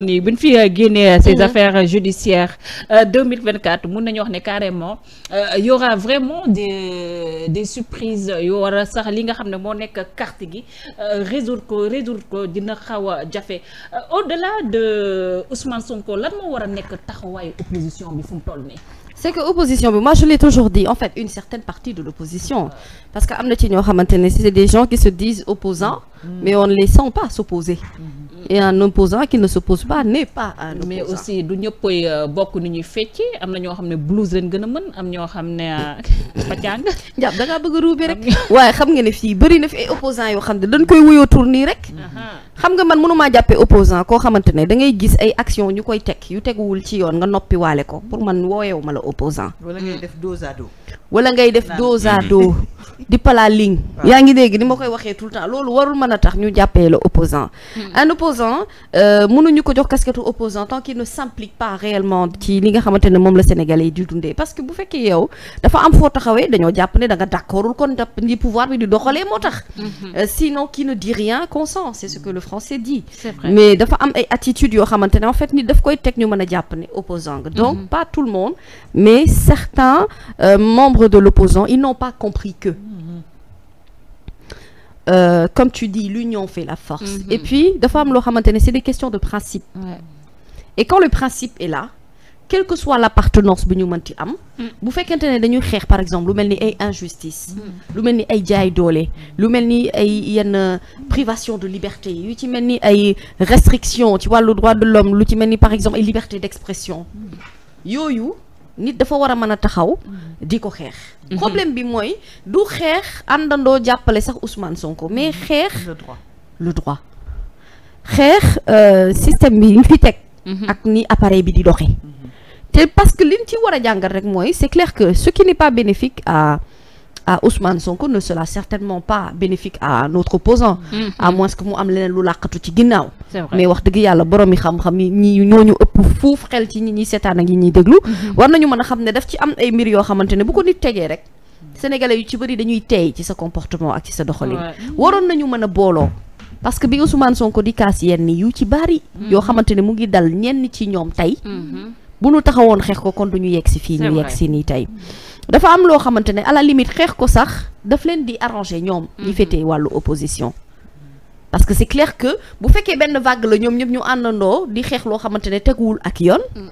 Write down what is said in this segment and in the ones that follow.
nii buñ fi euh, génnee ces mm-hmm. affaires judiciaires 2024 euh, mun nañu wax ne carrément euh, y aura vraiment des des surprises yoo war a sax li nga xam ne moo nekk carte gi résoudre ko résoudre ko dina xaw a jafe au-delà de Ousmane Sonko lan moo war a nekk taxawaayu opposition bi fu mu toll nii c'est que opposition bi moi je l'ai toujours dit en fait une certaine partie de l'opposition parce que am na ci ñoo xamante ne c'est des gens qui se disent opposants mm. mais on ne les sent pas s'opposer mm-hmm. et un opposant qui ne s'oppose pas n'est pas un opposant. mais aussi du ñëppay euh, bokk ni ñuy fecce am na ñoo xam ne blouse leen gën a mën am ñoo xam ne pacang euh, njàpp da ngaa bëgg a ruube rek waaye xam nga ne fii bëri na fi ay opposants yoo xam ne dañ koy wuyoo tour nii rek xam nga man mënumaa jàppee opposant koo xamante ne da ngay gis ay action ñu koy teg yu teguwul ci yoon nga noppi waale ko pour man wooyewu ma la opposant wala ngay def dos à dos wala ngay def dos à mm-hmm. dos di pala ligne yaa ngi dégg ni ma koy waxee tout le temps loolu warul man a tax ñu jàppee la opposant mm-hmm. un opposant euh, mënuñu ko jox casquette opposant tant qu'il ne s'implique pas réellement ci li nga xamante ne moom la sénégalais yi di dundee parce que bu fekkee yow dafa am foo taxawee dañoo jàpp ne da nga d'accordul kon dap ni pouvoir bi di doxalee moo tax mm-hmm. euh, sinon qui ne dit rien consent c'est ce que le français dit mais dafa am ay attitudes yoo xamante ne en fait ni daf koy teg ñu mën a jàpp ne opposant membres de l'opposant, ils n'ont pas compris que, mm-hmm. euh, comme tu dis, l'union fait la force. Mm -hmm. Et puis, de femmes, c'est des questions de principe. Ouais. Et quand le principe est là, quelle que soit l'appartenance bu ñu mënti am. Mm. bu fekkente ne dañuy xeex par exemple lu mel ni ay injustice. Mm. lu mel ni ay jaay doole. lu mel ni ay yenn privation de liberté yu ci mel ni ay restrictions ci wàllu droit de l'homme lu ci mel ni par exemple ay liberté d'expression mm. nit dafa war a mën a taxaw di ko xeex mhm. problème bi mooy du xeex àndandoo jàppale sax Ousmane Sonko mais mhm. xeex le droit le droit euh, système bi ñu fi teg mhm. ak ni appareil bi di doxee te parce que liñ ci war a jàngal rek mooy c'est clair que ce qui n'est pas bénéfique à à euh, Ousmane Sonko ne sera certainement pas bénéfique à notre opposant mm-hmm. à moins que mu am leneen lu làqatu ci ginnaaw mais wax dëgg yàlla borom xam-xam yi ñi ñooñu ëpp fuuf xel ci ñi seetaan ak ñi ñuy déglu mm-hmm. war nañu mën a xam ne daf ci am ay mbir yoo xamante ne bu ko nit tegee rek sénégalais yu ci bëri dañuy teey ci sa comportement ak ci sa doxalin mm-hmm. waroon nañu mën a booloo parce que bi Ousmane Sonko di kaas yenn yu ci bari yoo xamante mu ngi dal ñenn ci bu nu taxawoon xeex ko kon du ñu yegg si fii ñu yegg si nii tey dafa am loo xamante ne à la limite xeex ko sax daf leen di arranger ñoom ñi mm-hmm. fetee wàllu opposition parce que c'est clair que bu fekkee benn vague la ñoom ñëpp ñu àndandoo di xeex loo xamante ne teguwul ak yoon mm.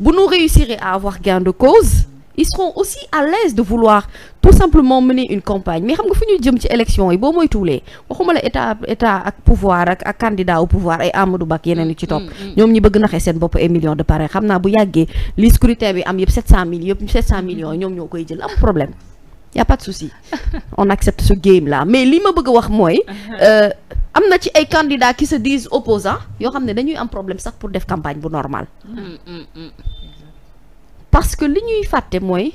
bu nu réussir à avoir gain de cause ils seront aussi à l'aise de vouloir tout simplement mener une campagne mais xam nga fu ñuy jëm ci élection yi boo moytuwulee waxuma la état état ak pouvoir ak ak candidat au pouvoir ay Amadou Ba ak yeneen ci topp mm, mm. ñoom ñi bëgg naxee seen bopp ay millions de parrain xam naa bu yàggee li scrutin bi am yëpp 700 mille yëpp 700 millions ñoom ñoo koy jël am problème y a pas de souci on accepte ce game là mais li ma bëgg a wax mooy euh, am na ci ay candidats qui se disent opposants yoo xam ne dañuy am problème sax pour def campagne bu normal mm, parce que li ñuy fàtte mooy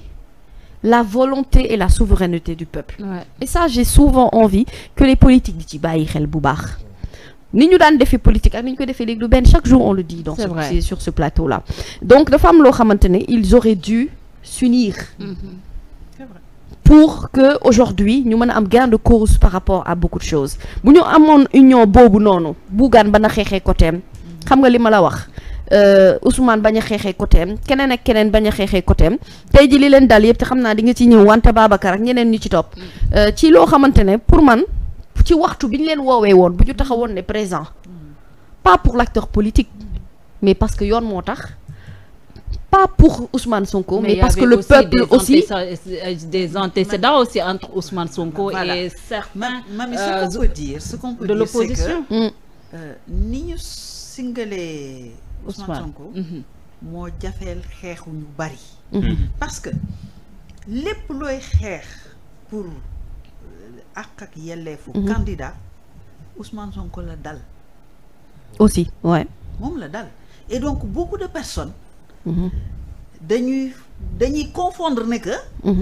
la volonté et la souveraineté du peuple. Ouais. et ça j'ai souvent envie que les politiques di ci bàyyi xel bu baax. ni ñu daan defee politique ak ni ñu ko defee léegi benn chaque jour on le dit. dans ce sur plateau là. donc dafa am loo xamante ne ils auraient dû s'unir mm-hmm. pour que aujourd'hui ñu mën a am gain de cause par rapport à beaucoup de choses bu ñu amoon union boobu noonu Bougane ba na xeexee côté mm-hmm. xam nga li ma la wax. Euh, Ousmane bañ xeexee côté am keneen ak keneen baña xeexee côté am tey ji li leen dal yëpp te xam naa di nga ci ñëw wante Babacar ak ñeneen ñu ci topp mm. euh, ci loo xamante ne pour man ci waxtu bi ñu leen woowee woon bu ñu taxawoon ne présent mm. pas pour l'acteur politique mais parce que yoon moo tax pas pour Ousmane Sonko mais, mais parce que le peuple aussi des antécédents aussi Sonko voilà. et certains Mami, ce euh, qu'on peut mm. euh, ni ñu singalee Ousmane Sonko mhm. moo jafeel xeexu ñu bari. Mhm. parce que lépp looy xeex pour euh, àq ak yelleefu. Mhm. candidat Ousmane Sonko la dal. aussi ouais. moom la dal et donc beaucoup de personnes. dañuy dañuy confondre ne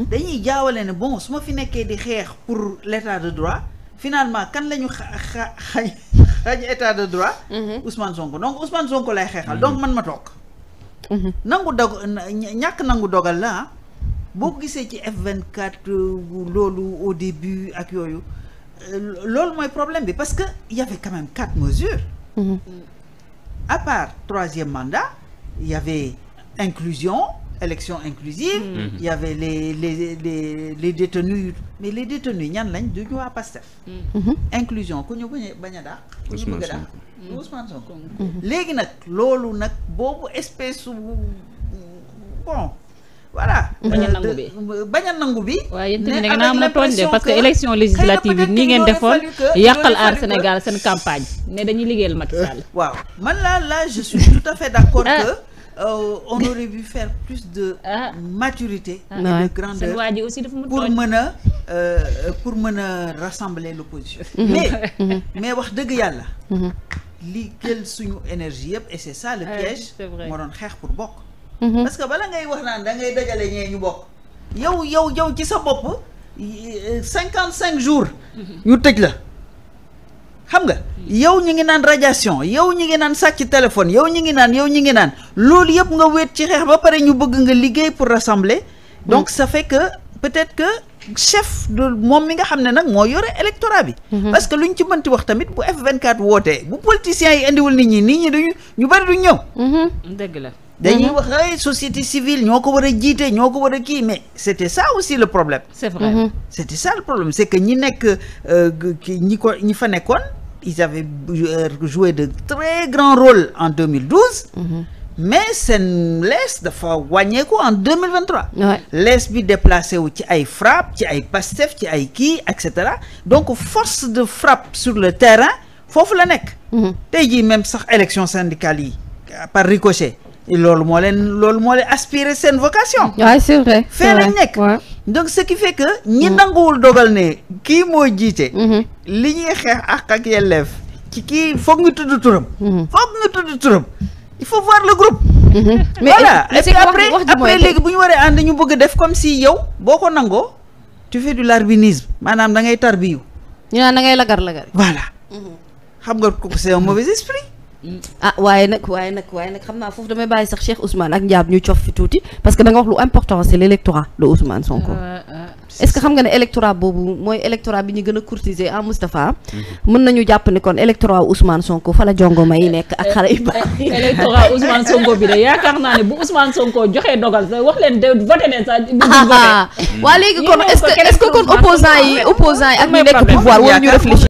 dañuy jaawale ne bon su ma fi nekkee di xeex pour l' état de droit finalement kan lañu xa xa xañ xañ état de droit. Mhm. Ousmane Sonko donc Ousmane Sonko lay xeexal mhm. donc man ma toog. Mhm. nangu dog ñàkk nangu dogal la ah. boo gisee ci F24 euh, loolu au début ak yooyu euh, loolu mooy problème bi parce que y avait quand même quatre mesures. à part troisième mandat y avait inclusion. élection inclusive mm-hmm. il y avait les les les mais les détenus ñan lañ du ñu waa Pastef mm-hmm. Mm-hmm. inclusion ku ñu bañ bañ a dàq ku ñu bëgg a dàq Ousmane léegi nag loolu nag boobu espèce bon voilà. bañ a euh, nangu bi bañ a nangu bi. waaw yéen tamit da ngeen a mën a tooñ de parce que élection législative yi nii ngeen defoon yàqal aar Sénégal seen campagne ne dañuy liggéeyal Macky Sall. waaw man là là je suis tout à fait d'accord ah. que. Euh, on aurait vu faire plus de ah. ah. maturité ah. et ah. de grandeur pour mën a euh, pour mën a rassembler l'opposition mm mais mm-hmm. Mm-hmm. mais wax dëgg yàlla li jël suñu énergie yëpp et c'est ça le ah piège moo doon xeex pour bokk mm -hmm. parce que bala ngay wax naan da ngay dajale ñee ñu bokk yow yow yow ci sa bopp euh, cinquante cinq jours ñu tëj la xam nga yow ñu ngi naan radiation yow ñu ngi naan sàcc téléphone yow ñu ngi naan yow ñi ngi naan loolu yëpp nga wéet ci xeex ba pare ñu bëgg nga liggéey pour rassembler donc mm. ça fait que peut-être que chef de moom mi nga xam ne nag moo yore électorat bi mm-hmm. parce que lu ñu ci mënti wax tamit bu F24 wootee bu politiciens yi indiwul nit ñi nit ñi du ñu bari duñ ñëw mm-hmm. dëgg la dañuy mm-hmm. wax ay société civile ñoo ko war a jiite ñoo ko war a kii mais c'était ça aussi le problème c'est vrai c'était ça le problème c'est que ñi nekk euh, ñi ko ñi fa nekkoon ils avaient euh, joué de très grands rôles en 2012 mm -hmm. mais seen lees dafa wàññeeku en 2023 lees bi déplacé wu ci ay frappe ci ay pastef ci ay kii et cetera donc force de frappe sur le terrain foofu la nekk mhm. tey jii même sax élection syndicale yi par ricochet loolu moo leen loolu moo leen aspirer seen vocation. waaw c'est fee lañ nekk. donc ce qui fait que. ñi mm. nanguwul dogal ne kii moo jiite. Mm-hmm. li ñuy xeex ak ak yelleef ci kii foog nga tudd turam. Mm-hmm. foog nga tudd turam il faut voir la groupe. Mm-hmm. mais voilà et puis après après léegi bu ñu waree ànd ñu bëgg def comme si yow boo ko nangoo tu fais du larbinisme maanaam da ngay tarbiyu. ñu naan da ngay lagar lagar. voilà xam nga c'est un mauvais esprit. ah waaye nag waaye nag waaye nag xam naa foofu damay bàyyi sax Cheikh Ousmane ak Ndiab ñu cof fi tuuti parce que da nga wax lu important c'est l'électorat de Ousmane Sonko. Euh, euh, est ce que xam nga ne électorat boobu mooy électorat bi ñu gën a courtiser ah Moustapha. Mhm. mën nañu jàpp ne kon électorat Ousmane Sonko fa la jongo may nekk ak xale yu baax. électorat Ousmane Sonko bi de yaakaar naa ne bu Ousmane Sonko joxee dogal sax wax leen de voté leen sax. bu dul ah, voté. Ah. waa léegi kon est ce que est ce que kon opposant yi opposant yi ak ñu nekk pouvoir war ñu réfléchir.